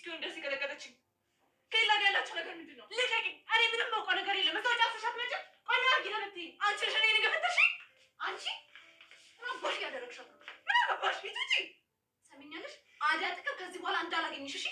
እስኪሆን እንደዚህ ገለገለችኝ። ከሌላ ጋር ነገር ምንድን ነው? ልቀቂኝ። እኔ ምንም መውቀው ነገር የለም። እዛው ጫፍሻት መጀ ቆና ጊለመት አንቺ ሸኔ ንገፈተሽ አንቺ ምናባሽ ያደረግሻት ምናባሽ ቤት ውጪ ሰሚኛለሽ። አዲያ ጥቅም ከዚህ በኋላ እንዳላገኝሽ እሺ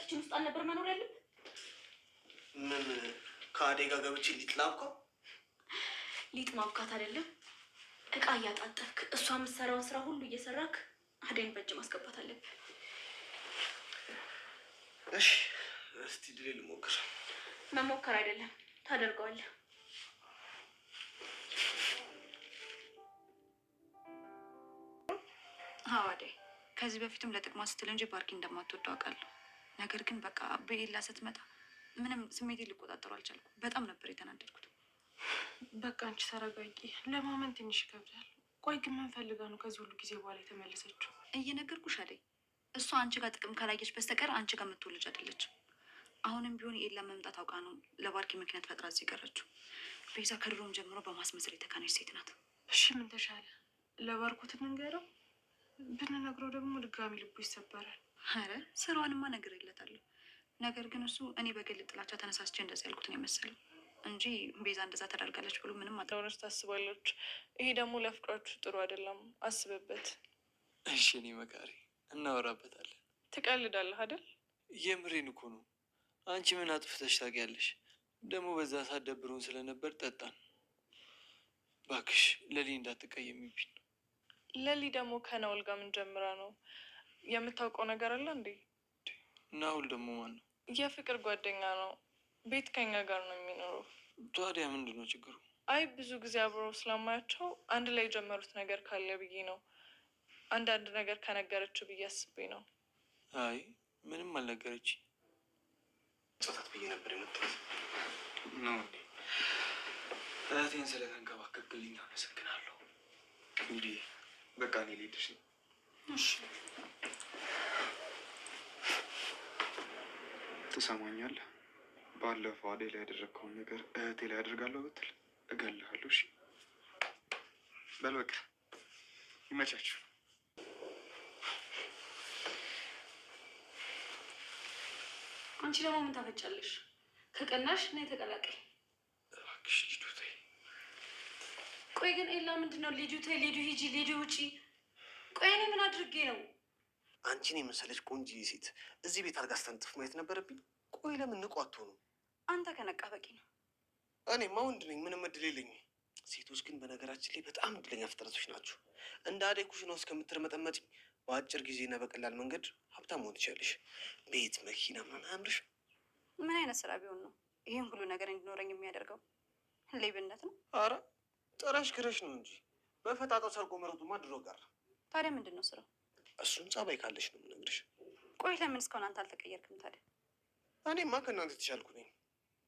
ኪችን ውስጥ አልነበር መኖር ያለብህ? ምን ከአዴ ገብቼ ሊጥ ማውካት ሊጥ ማብካት አይደለም እቃ እያጣጠፍክ እሷ የምትሰራውን ስራ ሁሉ እየሰራክ አደይን በእጅ ማስገባት አለብህ። እሺ እስቲ ድሌ ልሞክር። መሞከር አይደለም ታደርገዋለህ። አዎ አደይ፣ ከዚህ በፊትም ለጥቅማ ስትል እንጂ ባርኪ እንደማትወደው አውቃለሁ። ነገር ግን በቃ በኤላ ስትመጣ ምንም ስሜቴ ሊቆጣጠሩ አልቻልኩም። በጣም ነበር የተናደድኩት። በቃ አንቺ ተረጋጊ። ለማመን ትንሽ ይከብዳል። ቆይ ግን ምን ፈልጋ ነው ከዚህ ሁሉ ጊዜ በኋላ የተመለሰችው? እየነገርኩሽ አለኝ። እሷ አንቺ ጋር ጥቅም ካላየች በስተቀር አንቺ ጋር የምትወልጅ አይደለችም። አሁንም ቢሆን የኤላ መምጣት አውቃ ነው ለባርኪ ምክንያት ፈጥራ እዚህ ቀረችው። ቤዛ ከድሮም ጀምሮ በማስመሰል የተካነች ሴት ናት። እሺ ምን ተሻለ? ለባርኮት እንንገረው? ብንነግረው ደግሞ ድጋሚ ልቡ ይሰበራል። አረ ስራዋንማ ነግሬለታለሁ። ነገር ግን እሱ እኔ በግል ጥላቻ ተነሳስቼ እንደዚ ያልኩት ነው የመሰለው እንጂ ቤዛ እንደዛ ተዳርጋለች ብሎ ምንም አረስ ታስባለች። ይሄ ደግሞ ለፍቅራችሁ ጥሩ አይደለም፣ አስብበት። እሺ እኔ መካሪ፣ እናወራበታለን። ትቀልዳለህ አይደል? የምሬን እኮ ነው። አንቺ ምን አጥፍተሽ ታውቂያለሽ? ደግሞ በዛ ሰዓት ደብሮን ስለነበር ጠጣን። ባክሽ ለሊ እንዳትቀየሚብኝ። ለሊ ደግሞ ከናውል ጋር ምን ጀምራ ነው የምታውቀው ነገር አለ እንዴ? ናሁል ደግሞ ማን የፍቅር ጓደኛ ነው። ቤት ከኛ ጋር ነው የሚኖረው። ታዲያ ምንድን ነው ችግሩ? አይ ብዙ ጊዜ አብረው ስለማያቸው አንድ ላይ የጀመሩት ነገር ካለ ብዬ ነው። አንዳንድ ነገር ከነገረችው ብዬ አስቤ ነው። አይ ምንም አልነገረች። ጸታት ብዬ ነበር የምትት ነው እንዴ? እህቴን ስለተንከባከብክልኝ አመሰግናለሁ። እንዲህ በቃ እኔ ልሄድ እሺ። ትሰማኛለህ? ባለፈው አዴ ላይ ያደረግከውን ነገር እህቴ ላይ ያደርጋለሁ ብትል እገልሃለሁ። እሺ በል በቃ ይመቻችሁ። አንቺ ደግሞ ምን ታፈጫለሽ? ከቀናሽ እና የተቀላቀይ እባክሽ ልጁ ተይ። ቆይ ግን ኤላ ምንድን ነው ልጁ ተይ፣ ልጁ ሂጂ፣ ልጁ ውጪ። ቆይ እኔ ምን አድርጌ ነው አንቺን የመሰለች ቆንጂ ሴት እዚህ ቤት አልጋ አስተንጥፍ ማየት ነበረብኝ? ቆይ ለምን ንቁ አትሆኑ? አንተ ከነቃ በቂ ነው። እኔማ ወንድ ነኝ፣ ምንም እድል የለኝ። ሴቶች ግን በነገራችን ላይ በጣም እድለኛ ፍጥረቶች ናቸው። እንደ አደይ ኩሽና ውስጥ ከምትርመጠመጪ በአጭር ጊዜና በቀላል መንገድ ሀብታም መሆን ትችላለሽ። ቤት፣ መኪና ምናምን አያምርሽ? ምን አይነት ስራ ቢሆን ነው ይህን ሁሉ ነገር እንዲኖረኝ የሚያደርገው? ሌብነት ነው። አረ ጥረሽ ግረሽ ነው እንጂ በፈጣጣ ሰርጎ መረጡማ ድሮ ጋር። ታዲያ ምንድን ነው ስራው? እሱን ጸባይ ካለሽ ነው የምነግርሽ። ቆይ ለምን እስካሁን አንተ አልተቀየርክም ታዲያ? እኔማ ከእናንተ የተሻልኩ ነኝ።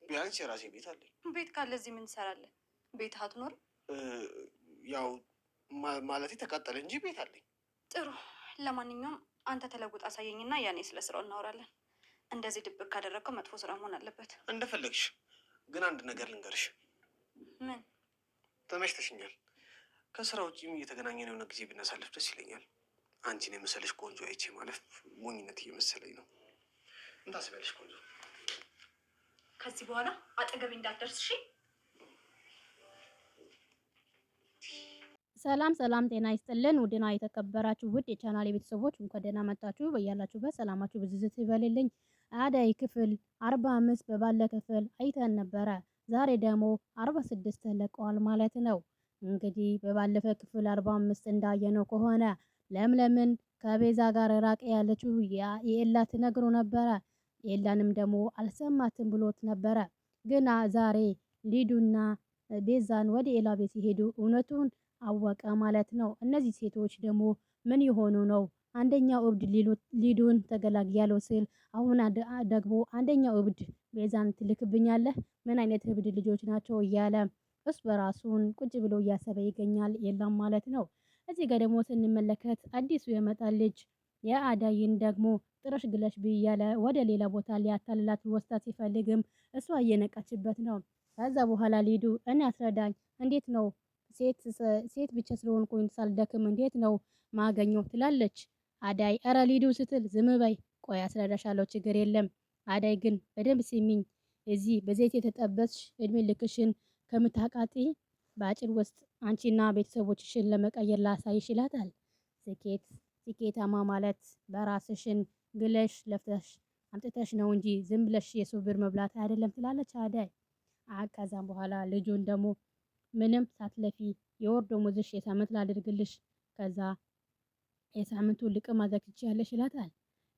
ቢያንስ የራሴ ቤት አለኝ። ቤት ካለ እዚህ ምን ትሰራለህ? ቤት አትኖርም? ያው ማለት ተቃጠለ እንጂ ቤት አለኝ። ጥሩ፣ ለማንኛውም አንተ ተለውጥ አሳየኝና ያኔ ስለ ስራው እናወራለን። እንደዚህ ድብቅ ካደረገው መጥፎ ስራ መሆን አለበት። እንደፈለግሽ። ግን አንድ ነገር ልንገርሽ። ምን? ተመችተሽኛል። ከስራ ውጭም እየተገናኘን የሆነ ጊዜ ብናሳልፍ ደስ ይለኛል። አንቺን የመሰለሽ ቆንጆ አይቼ ማለፍ ሞኝነት እየመሰለኝ ነው። እንዳስበልሽ ቆንጆ፣ ከዚህ በኋላ አጠገቤ እንዳትደርስ እሺ። ሰላም ሰላም፣ ጤና ይስጥልን ውድና የተከበራችሁ ውድ የቻናል የቤተሰቦች እንኳን ደህና መጣችሁ። በያላችሁበት ሰላማችሁ ብዝዝት ይበልልኝ። አደይ ክፍል አርባ አምስት በባለ ክፍል አይተን ነበረ። ዛሬ ደግሞ አርባ ስድስት ተለቀዋል ማለት ነው። እንግዲህ በባለፈ ክፍል አርባ አምስት እንዳየነው ከሆነ ለምለምን ከቤዛ ጋር ራቅ ያለችው የኤላ ትነግሮ ነበረ። ኤላንም ደግሞ አልሰማትም ብሎት ነበረ። ግና ዛሬ ሊዱና ቤዛን ወደ ኤላ ቤት ሲሄዱ እውነቱን አወቀ ማለት ነው። እነዚህ ሴቶች ደግሞ ምን የሆኑ ነው? አንደኛው እብድ ሊዱን ያለው ስል አሁን ደግሞ አንደኛው እብድ ቤዛን ትልክብኛለህ? ምን አይነት እብድ ልጆች ናቸው? እያለ እሱ በራሱን ቁጭ ብሎ እያሰበ ይገኛል። የላም ማለት ነው። እዚህ ጋር ደግሞ ስንመለከት አዲሱ የመጣ ልጅ የአዳይን ደግሞ ጥረሽ ግለሽ ብያለ ወደ ሌላ ቦታ ሊያታልላት ወስዳት ሲፈልግም እሷ እየነቃችበት ነው። ከዛ በኋላ ሊዱ እኔ አስረዳኝ፣ እንዴት ነው ሴት ብቻ ስለሆንኩኝ ሳልደክም እንዴት ነው ማገኘው ትላለች አዳይ። እረ ሊዱ ስትል ዝም በይ ቆይ አስረዳሻለሁ፣ ችግር የለም አዳይ ግን በደንብ ሲሚኝ እዚህ በዘይት የተጠበስሽ እድሜ ልክሽን ከምታቃጢ በአጭር ውስጥ አንቺና ቤተሰቦችሽን ለመቀየር ላሳይሽ ይላታል። ስኬት ስኬታማ ማለት በራስሽን ግለሽ ለፍተሽ አምጥተሽ ነው እንጂ ዝም ብለሽ የሰው ብር መብላት አይደለም ትላለች አደይ። ከዛም በኋላ ልጁን ደግሞ ምንም ሳትለፊ የወር ደመወዝሽ የሳምንት ላድርግልሽ፣ ከዛ የሳምንቱ ልቅም አዘጋጅቻለሽ ይላታል።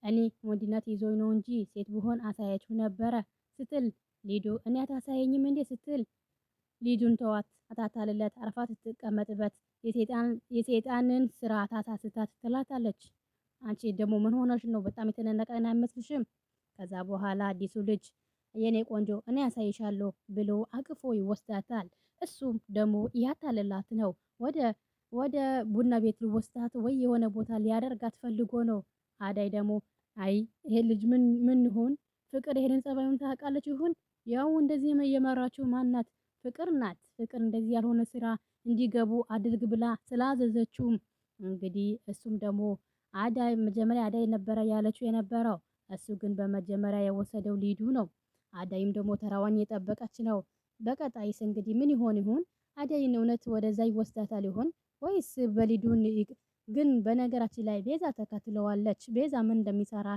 እኔ ወንድነት ይዞኝ ነው እንጂ ሴት ብሆን አሳያችሁ ነበረ ስትል ሊዱ እኔ አታሳየኝም እንዴ ስትል ሊዱን ተዋት አታታልለት፣ አርፋ ትቀመጥበት፣ የሴጣንን ስራ ታታስታት ትላታለች። አንቺ ደግሞ ምን ሆነሽ ነው? በጣም የተነነቀን አይመስልሽም? ከዛ በኋላ አዲሱ ልጅ የኔ ቆንጆ እኔ ያሳይሻለሁ ብሎ አቅፎ ይወስዳታል። እሱም ደግሞ እያታለላት ነው። ወደ ወደ ቡና ቤት ሊወስዳት ወይ የሆነ ቦታ ሊያደርጋት ፈልጎ ነው። አዳይ ደግሞ አይ ይሄ ልጅ ምን ምን ይሆን ፍቅር ይሄንን ጸባዩን ታውቃለች ይሁን ያው እንደዚህ የመራችው ማናት ፍቅር ናት። ፍቅር እንደዚህ ያልሆነ ስራ እንዲገቡ አድርግ ብላ ስላዘዘችውም እንግዲህ እሱም ደግሞ አዳይ መጀመሪያ አዳይ ነበረ ያለችው የነበረው እሱ ግን በመጀመሪያ የወሰደው ሊዱ ነው። አዳይም ደግሞ ተራዋን የጠበቀች ነው። በቀጣይስ እንግዲህ ምን ይሆን ይሁን? አዳይን እውነት ወደዛ ይወስዳታል ይሆን ወይስ በሊዱን? ግን በነገራችን ላይ ቤዛ ተከትለዋለች። ቤዛ ምን እንደሚሰራ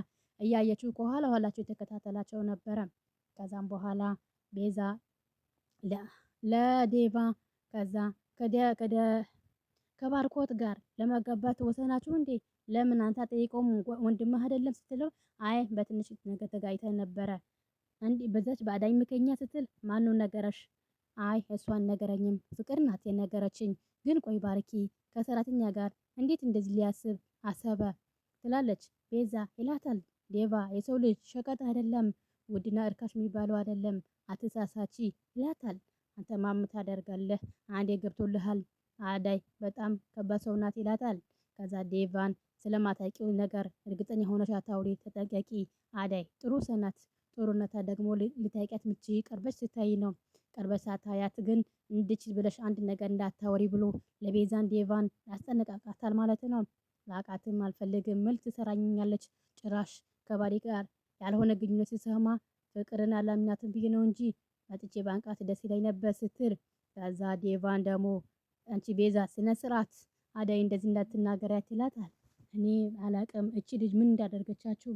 እያየችው ከኋላ ኋላቸው የተከታተላቸው ነበረ። ከዛም በኋላ ቤዛ ለዴባ ከዛ ከባርኮት ጋር ለመጋባት ወሰናችሁ እንዴ? ለምን አንተ ጠይቀውም ወንድምህ አይደለም ስትለው፣ አይ በትንሽ ነገር ተጋጭተን ነበረ እንዴ በዛች በአዳኝ ምቀኛ ስትል፣ ማን ነገረሽ? አይ እሷን ነገረኝም ፍቅር ናት የነገረችኝ። ግን ቆይ ባርኪ ከሰራተኛ ጋር እንዴት እንደዚህ ሊያስብ አሰበ? ትላለች ቤዛ ይላታል ዴባ የሰው ልጅ ሸቀጥ አይደለም ውድና እርካሽ የሚባለው አይደለም አትሳሳቺ ይላታል። አንተ ማም ታደርጋለህ አንዴ ገብቶልሃል። አዳይ በጣም ከባድ ሰው ናት ይላታል። ከዛ ዴቫን ስለማታውቂው ነገር እርግጠኛ የሆነች አታውሪ፣ ተጠንቀቂ። አዳይ ጥሩ ሰው ናት። ጥሩነታ ደግሞ ልታውቂያት ምቺ ቀርበች ስታይ ነው። ቀርበች ሳታያት ግን እንድች ብለሽ አንድ ነገር እንዳታወሪ ብሎ ለቤዛን ዴቫን ያስጠነቃቃታል ማለት ነው። ላቃትም አልፈልግም ምል ትሰራኛለች ጭራሽ ከባዴ ጋር ያልሆነ ግንኙነት ስሰማ ፍቅርን አላምናትን ብዬ ነው እንጂ መጥቼ ባንቃት ደስ ይለኝ ነበር ስትል፣ ከዛ ዴቫን ደግሞ አንቺ ቤዛ ስነ ስርዓት አዳይ እንደዚህ እንዳትናገሪያት ይላታል። እኔ አላቅም እቺ ልጅ ምን እንዳደርገቻችሁ።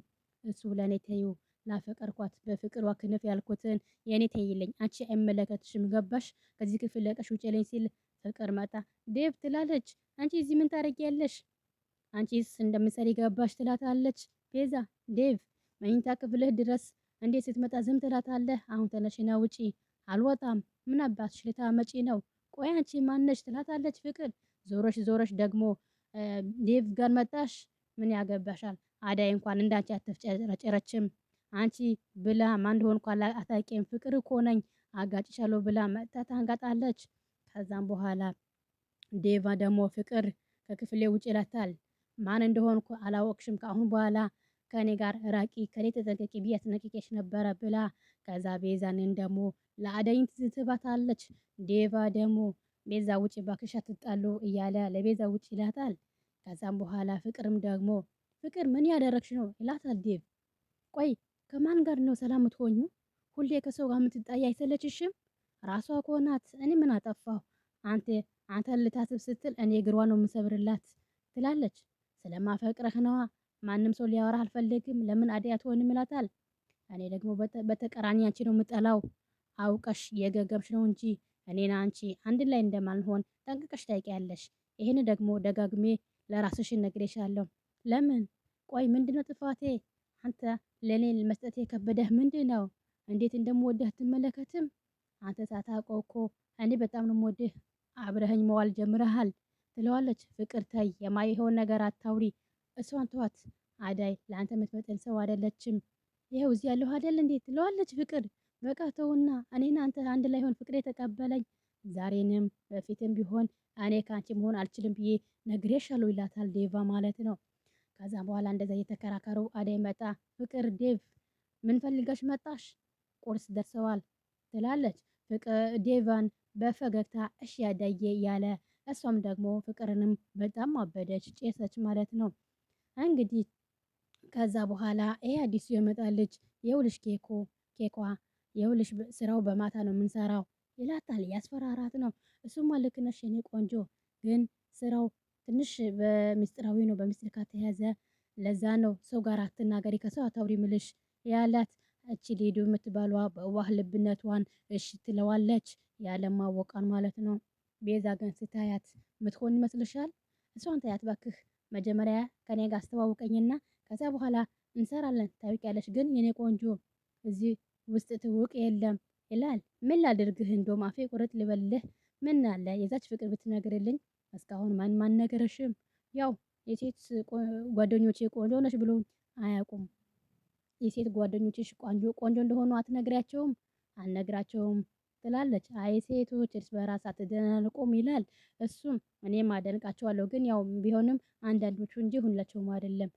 እሱ ለእኔ ተዩ ላፈቀርኳት በፍቅሯ ክንፍ ያልኩትን የእኔ ተይለኝ፣ አንቺ አይመለከትሽም፣ ገባሽ? ከዚህ ክፍል ለቀሽ ውጭ ሲል ፍቅር መጣ ዴቭ ትላለች። አንቺ እዚህ ምን ታደርጊያለሽ? አንቺስ እንደምትሰሪ ገባሽ? ትላታለች ቤዛ ዴቭ መኝታ ክፍልህ ድረስ እንዴት ስትመጣ ዝም ትላታለህ? አሁን ተነሽና ውጪ። አልወጣም። ምን አባትሽ ልታመጪ ነው? ቆይ አንቺ ማነሽ? ትላታለች ፍቅር። ዞረሽ ዞረሽ ደግሞ ዴቭ ጋር መጣሽ። ምን ያገባሻል? አዳይ እንኳን እንዳንቺ አትፍጨረጨረችም። አንቺ ብላ ማን እንደሆንኩ አታውቂም። ፍቅር እኮ ነኝ አጋጭሻለሁ ብላ መጥታ ታንጋጣለች። ከዛም በኋላ ዴቫ ደግሞ ፍቅር ከክፍሌ ውጭ ይላታል። ማን እንደሆንኩ አላወቅሽም። ከአሁን በኋላ ከኔ ጋር ራቂ፣ ከኔ ተጠንቀቂ ብዬ አስጠነቅቄሽ ነበረ ብላ ከዛ ቤዛንን ደግሞ ለአደይን ትባታለች። ዴቫ ደግሞ ቤዛ ውጭ ባክሻ ትጣሉ እያለ ለቤዛ ውጭ ይላታል። ከዛም በኋላ ፍቅርም ደግሞ ፍቅር ምን ያደረግሽ ነው ይላታል ዴቭ። ቆይ ከማን ጋር ነው ሰላም የምትሆኙ? ሁሌ ከሰው ጋር የምትጣይ አይሰለችሽም? ራሷ ከሆናት እኔ ምን አጠፋሁ? አንተ አንተ ልታስብ ስትል እኔ ግሯ ነው የምሰብርላት ትላለች። ስለማፈቅረህ ነዋ ማንም ሰው ሊያወራህ አልፈልግም፣ ለምን አደይ አትሆንም ይላታል። እኔ ደግሞ በተቀራኒ አንቺ ነው የምጠላው፣ አውቀሽ የገገምሽ ነው እንጂ እኔና አንቺ አንድ ላይ እንደማንሆን ጠንቅቀሽ ታውቂያለሽ። ይህን ደግሞ ደጋግሜ ለራስሽ ነግሬሻለሁ። ለምን ቆይ ምንድነው ጥፋቴ? አንተ ለእኔ መስጠት የከበደህ ምንድነው? እንዴት እንደምወደህ ትመለከትም? አንተ ሳታውቀው እኮ እኔ በጣም ነው የምወድህ፣ አብረኸኝ መዋል ጀምረሃል ትለዋለች። ፍቅር ተይ፣ የማይሆን ነገር አታውሪ እሷን ተዋት አዳይ ለአንተ የምትመጥን ሰው አይደለችም። ይኸው እዚህ ያለሁ አይደል እንዴት ትለዋለች ፍቅር። በቃ ተውና እኔና አንተ አንድ ላይ ሆን ፍቅሬ ተቀበለኝ። ዛሬንም በፊትም ቢሆን እኔ ከአንቺ መሆን አልችልም ብዬ ነግሬሻለሁ ይላታል ዴቫ ማለት ነው። ከዛ በኋላ እንደዛ እየተከራከሩ አዳይ መጣ። ፍቅር ዴቭ ምን ፈልገሽ መጣሽ? ቁርስ ደርሰዋል ትላለች ፍቅር ዴቫን በፈገግታ እሺ ያዳየ ያለ እሷም ደግሞ ፍቅርንም በጣም አበደች፣ ጨሰች ማለት ነው። እንግዲህ ከዛ በኋላ ይሄ አዲሱ የመጣለች የውልሽ ኬኮ ኬኳ የውልሽ ስራው በማታ ነው የምንሰራው ይላታል። ያስፈራራት ነው። እሱማ ልክ ነሽ የኔ ቆንጆ፣ ግን ስራው ትንሽ በሚስጥራዊ ነው፣ በሚስጥር ከተያዘ ለዛ ነው ሰው ጋር አትናገሪ፣ ከሰው አታውሪ ምልሽ ያላት እቺ ሊዱ የምትባሏ በዋህ ልብነቷን እሺ ትለዋለች፣ ያለማወቃን ማለት ነው። ቤዛ ግን ስታያት ምትሆን ይመስልሻል? እሷን ታያት ባክህ መጀመሪያ ከኔ ጋር አስተዋውቀኝና ከዛ በኋላ እንሰራለን። ታውቂያለሽ፣ ግን የኔ ቆንጆ እዚህ ውስጥ ትውቅ የለም ይላል። ምን ላድርግህ፣ እንዶ ማፌ ቁርጥ ልበልህ። ምን አለ የዛች ፍቅር ብትነግርልኝ። እስካሁን ማን ማን ነገረሽም? ያው የሴት ጓደኞቼ ቆንጆ ነሽ ብሎ አያውቁም። የሴት ጓደኞችሽ ቆንጆ ቆንጆ እንደሆኑ አትነግሪያቸውም? አልነግራቸውም ትላለች። አይ ሴቶች እርስ በራስ አትደናንቁም ይላል እሱም። እኔም አደንቃቸዋለሁ ግን ያው ቢሆንም አንዳንዶቹ እንጂ ሁላቸውም አይደለም።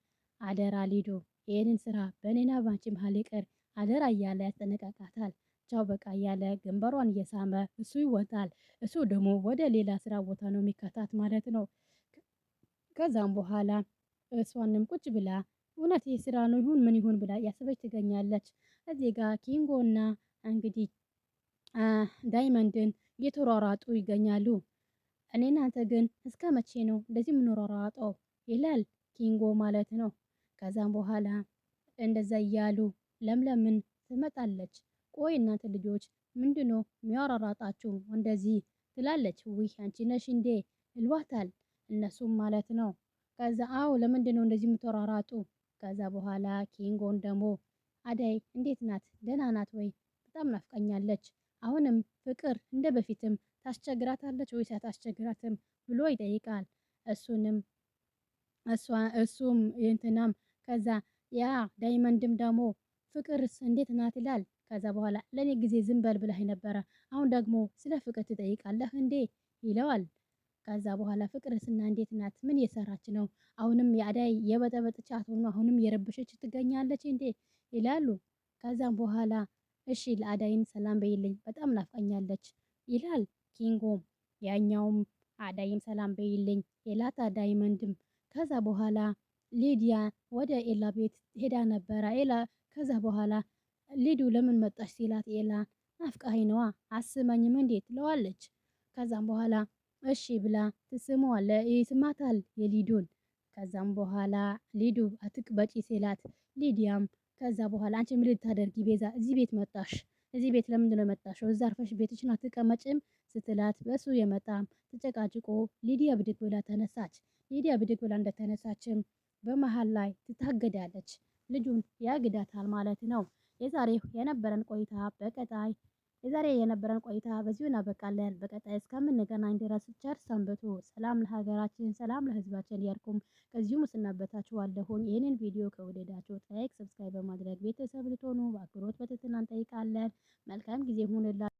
አደራ ሊዶ ይህንን ስራ በእኔና ባንቺ መሀል ይቅር አደራ እያለ ያስጠነቀቃታል። ቻው በቃ እያለ ግንባሯን እየሳመ እሱ ይወጣል። እሱ ደግሞ ወደ ሌላ ስራ ቦታ ነው የሚከታት ማለት ነው። ከዛም በኋላ እሷንም ቁጭ ብላ እውነት ይህ ስራ ነው ይሁን ምን ይሁን ብላ ያሰበች ትገኛለች። እዚህ ጋር ኪንጎና እንግዲህ ዳይመንድን እየተሯሯጡ ይገኛሉ። እኔ እናንተ ግን እስከ መቼ ነው እንደዚህ የምንሯሯጠው ይላል ኪንጎ ማለት ነው። ከዛም በኋላ እንደዛ እያሉ ለምለምን ትመጣለች። ቆይ እናንተ ልጆች ምንድነው የሚያሯሯጣችሁ እንደዚህ ትላለች። ውይ አንቺ ነሽ እንዴ ይሏታል እነሱም ማለት ነው። ከዛ አው ነው እንደዚህ የምትሯሯጡ? ከዛ በኋላ ኪንጎን ደግሞ አደይ እንዴት ናት? ደህና ናት ወይ? በጣም ናፍቀኛለች አሁንም ፍቅር እንደ በፊትም ታስቸግራታለች ወይስ አታስቸግራትም ብሎ ይጠይቃል። እሱንም እሱም እንትናም ከዛ ያ ዳይመንድም ደግሞ ፍቅርስ እንዴት ናት ይላል። ከዛ በኋላ ለእኔ ጊዜ ዝም በል ብለህ ነበረ፣ አሁን ደግሞ ስለ ፍቅር ትጠይቃለህ እንዴ ይለዋል። ከዛ በኋላ ፍቅርስና እንዴት ናት? ምን እየሰራች ነው? አሁንም የአዳይ የበጠበጥ ቻት ሆኖ አሁንም የረበሸች ትገኛለች እንዴ ይላሉ። ከዛም በኋላ እሺ ለአዳይም ሰላም በይልኝ በጣም ናፍቀኛለች ይላል ኪንጎም። ያኛውም አዳይም ሰላም በይልኝ የላታ ዳይመንድም። ከዛ በኋላ ሊዲያ ወደ ኤላ ቤት ሄዳ ነበረ። ኤላ ከዛ በኋላ ሊዱ ለምን መጣሽ ሲላት ኤላ ናፍቃኸኝ ነዋ አስመኝም እንዴት ትለዋለች። ከዛም በኋላ እሺ ብላ ትስመዋለ ይስማታል የሊዱን። ከዛም በኋላ ሊዱ አትቅበጪ ሲላት ሊዲያም ከዛ በኋላ አንቺ ምን ልታደርጊ ቤዛ እዚህ ቤት መጣሽ? እዚህ ቤት ለምንድን ነው የመጣሽው? እዛ አርፈሽ ቤትሽን አትቀመጭም? ስትላት በሱ የመጣም ተጨቃጭቆ ሊዲያ ብድግ ብላ ተነሳች። ሊዲያ ብድግ ብላ እንደተነሳችም በመሀል ላይ ትታገዳለች። ልጁን ያግዳታል ማለት ነው። የዛሬው የነበረን ቆይታ በቀጣይ የዛሬ የነበረን ቆይታ በዚሁ እናበቃለን። በቀጣይ እስከምንገናኝ ድረስ ቸር ሰንብቱ። ሰላም ለሀገራችን፣ ሰላም ለሕዝባችን እያልኩም ከዚሁም እሰናበታችኋለሁኝ። ይህንን ቪዲዮ ከወደዳችሁ ላይክ፣ ሰብስክራይብ በማድረግ ቤተሰብ ልትሆኑ በአክብሮት በትህትና እንጠይቃለን። መልካም ጊዜ ይሁንላችሁ።